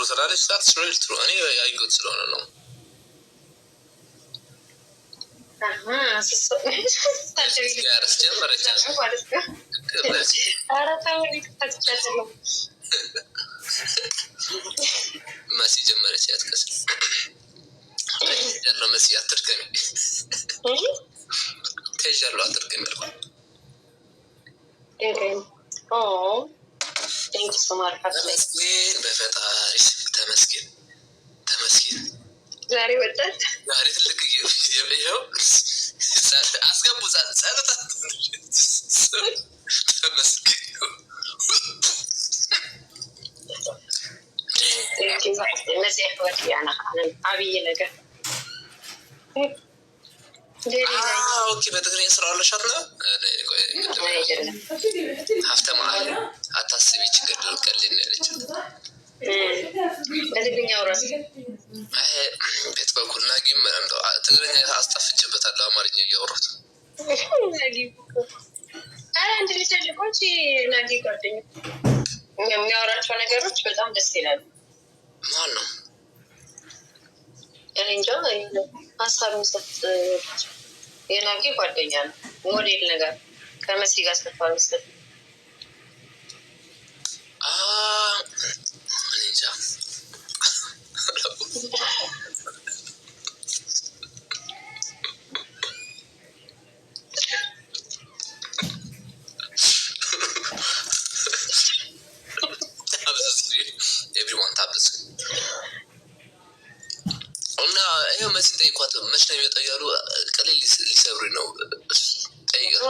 ትሩ ስላለች ዛትስ ሪል ትሩ እኔ ያየሁት ስለሆነ ነው። መሲ ጀመረች ያትከስ መሲ አትድከሚ ከዚ አትድከሚ ያልኳል። በፈጣሪ ተመስገን ተመስገን። ዛሬ ወጣት ዛሬ ትልቅ ይኸው አስገቡ ጸሎታ ተመስገን እነዚህ ህይወት ነገር በትግሬ ስራ አለሻት ሀብተማ አታስቢ ችግር ልቀልን ያለችው ቤት ትግርኛ አስጠፍቼበታለሁ። አማርኛ አንድ ልጅ ጓደኛ የሚያወራቸው ነገሮች በጣም ደስ ይላሉ። ማን ነው እንጃ ሀሳብ የሚሰጥ ጓደኛ ነው። ሞዴል ነገር ከመሲ ጋር ሰፋ ሚሰጥ መች ጠይቋት። መች ነው የሚወጣው እያሉ ቀለል ሊሰብሩ ነው። ጠይቀት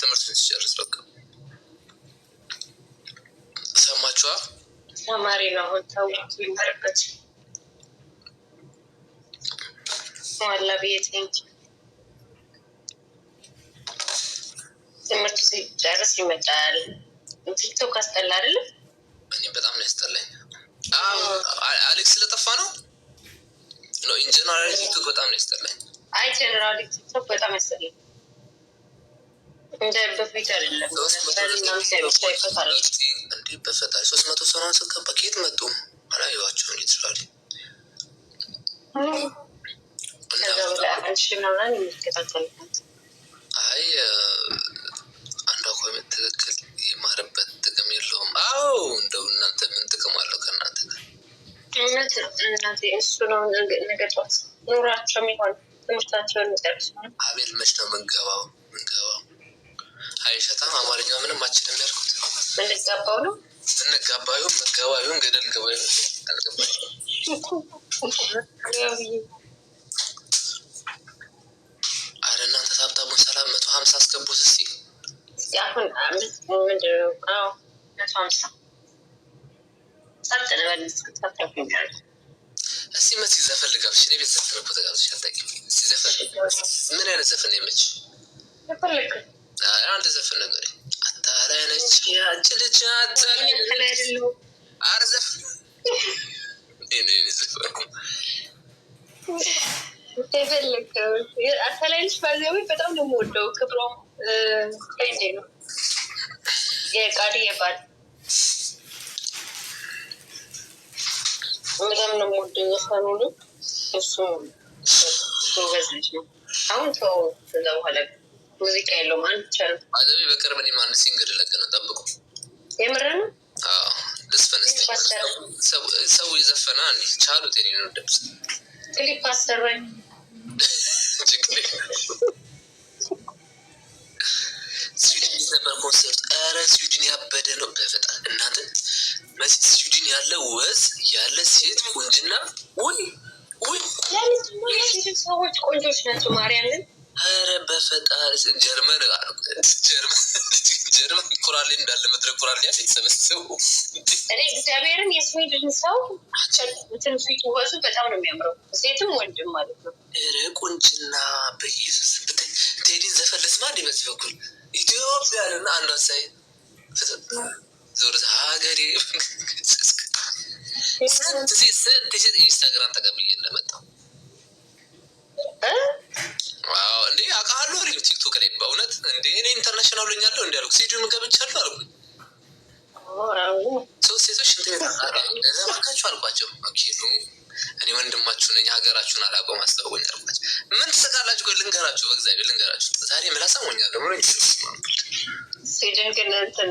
ትምህርቱን ሲጨርስ በቃ ሰማችኋ። ተማሪ ነው ትምህርቱ ሲጨርስ ይመጣል። ቲክቶክ አስጠላ አይደለም። እኔ በጣም ነው ያስጠላኝ። አሌክስ ስለጠፋ ነው ነው። ኢንጀነራል ቲክቶክ በጣም ነው ያስጠላኝ። አይ ጀነራል ቲክቶክ በጣም ያስጠላኝ። እንደ በፊት አይደለም። እንዲህ በፈጣሪ ሶስት መቶ ሰራን ከየት መጡ አላየኋቸውም። እንዴት ስላል ምናምን የሚከታተልበት እውነት እናቴ እሱ ነው ነገጧት ኑሯቸው የሚሆን ትምህርታቸውን የሚጨርሱ አቤል መች ነው ምንገባው ምንገባው አይሸታም አማርኛ ምንም አችልም ያልኩት እንጋባው ነው እንጋባዩ መጋባዩ ገደል ገባ አልገባች አረ እናንተ ታብታቡን ሰላም መቶ ሀምሳ አስገቡት እስኪ አሁን ምንድነው? ነው መቶ ሀምሳ እስኪ መሲ ዘፈን ልጋብዝሽ። እኔ ቤት ዘፈን እኮ ተጋብዝሽ አልጠቂም። እስኪ ዘፈን ምን አይነት ዘፈን የመች አንድ ዘፈን ነገር አታላይ ነች ልጅ አታላይ ዘፈን በጣም ነው የምወደው። ክብሯ ነው የቃዲ የባል በጣም ነው የምወደው ዘፈኑን። እሱ ጎበዝ ልጅ ነው። አሁን ተው፣ ከዛ በኋላ ሙዚቃ የለውም አልቻልም። አዘቢ በቅርብ እኔም አንድ ሲንግል ለቅ ነው ጠብቁ። የምር ነው ልስፈን ሰው የዘፈና ቻሉት ኔ ነው ድምፅ ክሊፕ አሰራኝ ነበር ኮንሰርት። ኧረ ስዊድን ያበደ ነው በፈጣ እናንተ ስዊድን ያለ ወዝ ያለ ሴት ቁንጅና ወይ ወይ ሰዎች ቆንጆች ናቸው። ማርያምን ረ በፈጣሪ ጀርመን ጀርመን ኮራሌ እንዳለ መድረክ ኮራሌ ያለ የተሰበሰቡ እግዚአብሔርን የስዊድን ሰው ትንፊቱ ወዙ በጣም ነው የሚያምረው። ሴትም ወንድም ማለት ነው። ረ ቁንጅና በኢየሱስ ቴዲን ዘፈለስማ ልስማ በኩል ኢትዮጵያ ያለና አንዷ ሳይ ዞር ሀገሬ ስንት ስንት ኢንስታግራም ተቀብዬ እንደመጣው እንዲ አቃሉ አሪፍ ቲክቶክ ላይ በእውነት እንዲ እኔ ኢንተርናሽናል ሆኛለሁ እንዲ ያልኩ ሴዲም ገብቻለሁ አልኩ። ሶስት ሴቶች ሽንት ቤት እባካችሁ አልኳቸው። ኪሉ እኔ ወንድማችሁ ነኝ ሀገራችሁን አላቆም አስታወቁኝ አልኳቸው። ምን ትሰቃላችሁ? ቆይ ልንገራችሁ፣ በእግዚአብሔር ልንገራችሁ። ዛሬ ምላሳም ሆኛለሁ ብሎ ግን እንትን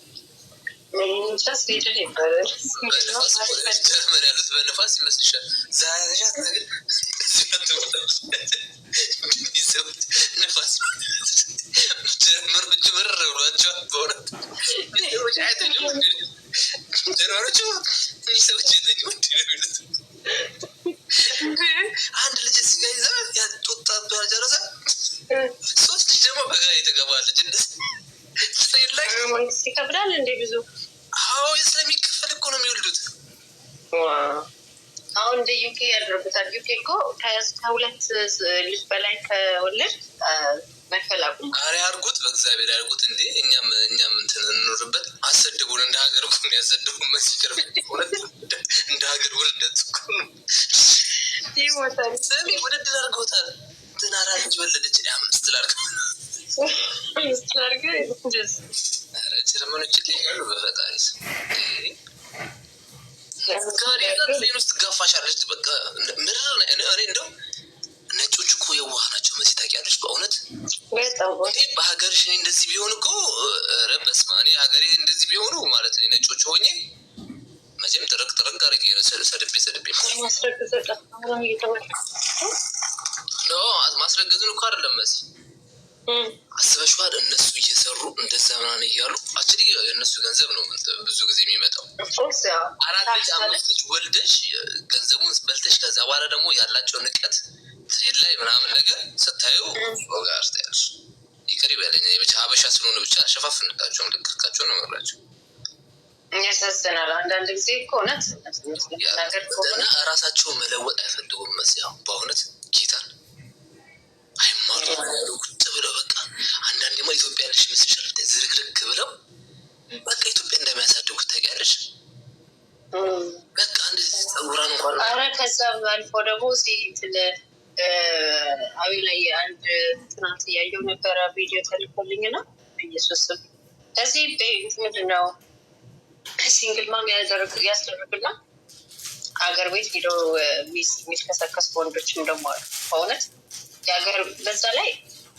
ጀርመን ያሉት በነፋስ ይመስልሻል? ዛሻት ነገር ነፋስ ጀርመኖቹ ብር ብሏቸዋል። በእውነት ጀርመኖቹ ሰዎች የተኙ አንድ ልጅ ስጋ ይዛ ጡጣ ጨረሰ። ሶስት ልጅ ደግሞ በጋ የተገባለች። እንደዚህ ይከብዳል እንዴ ብዙ አዎ ስለሚከፈል እኮ ነው የሚወልዱት። አሁን እንደ ዩኬ ያደርጉታል። ዩኬ እኮ ከሁለት ልጅ በላይ ከወለድ መክፈል አቁም። አርጉት፣ በእግዚአብሔር ያድርጉት። እንደ እኛም እኛም እንትን እንኖርበት። አሰድቡን፣ እንደ ሀገር እኮ ነው ያሰድቡን። እንደ ሀገር ውርደት እኮ ነው። ስሚ ውድድር አድርገውታል። እንትን ልጅ ወለደች። አምስት ላድርግ፣ አምስት ላድርግ ጀርመኖች ይለያሉ። በፈጣሪ ስም ውስጥ ትጋፋሻለች። በቃ ምድር እኔ እንደው ነጮች እኮ የዋህ ናቸው። መቼ ታውቂያለሽ? በእውነት በሀገርሽ እኔ እንደዚህ ቢሆን እኮ ኧረ በስመ አብ ሀገሬ እንደዚህ ቢሆኑ ማለት ነው ነጮች ሆኜ መቼም ጥርቅ ጥርቅ አድርጌ ሰድቤ ሰድቤ ማስረገዝን እኮ አይደለም መስ አስበሽዋል? እነሱ እየሰሩ እንደዛ ምናምን እያሉ አክቹዋሊ የእነሱ ገንዘብ ነው ብዙ ጊዜ የሚመጣው። አራት ልጅ አምስት ልጅ ወልደሽ ገንዘቡን በልተሽ ከዛ በኋላ ደግሞ ያላቸው ንቀት ትሄድ ላይ ምናምን ነገር ስታዩ ጋር ስታያለሽ ይቅር ይበለኝ። ብቻ ሀበሻ ስለሆነ ብቻ አሸፋፍንላቸውም ልክልካቸው ነው መራቸው ያሳዝናል። አንዳንድ ጊዜ ከእውነት እና እራሳቸው መለወጥ አይፈልጉም። መስያ በእውነት ጌታን አይማሩ ከዛም አልፎ ደግሞ ስለ አዊ ላይ አንድ ትናንት እያየው ነበረ ቪዲዮ ተልኮልኝ ነው። ኢየሱስም እዚህ ምንድን ነው ሲንግል ማም ያስደርግና ሀገር ቤት ሄደው ሚስ የሚልከሰከስ ወንዶችም ደግሞ አሉ። በእውነት በዛ ላይ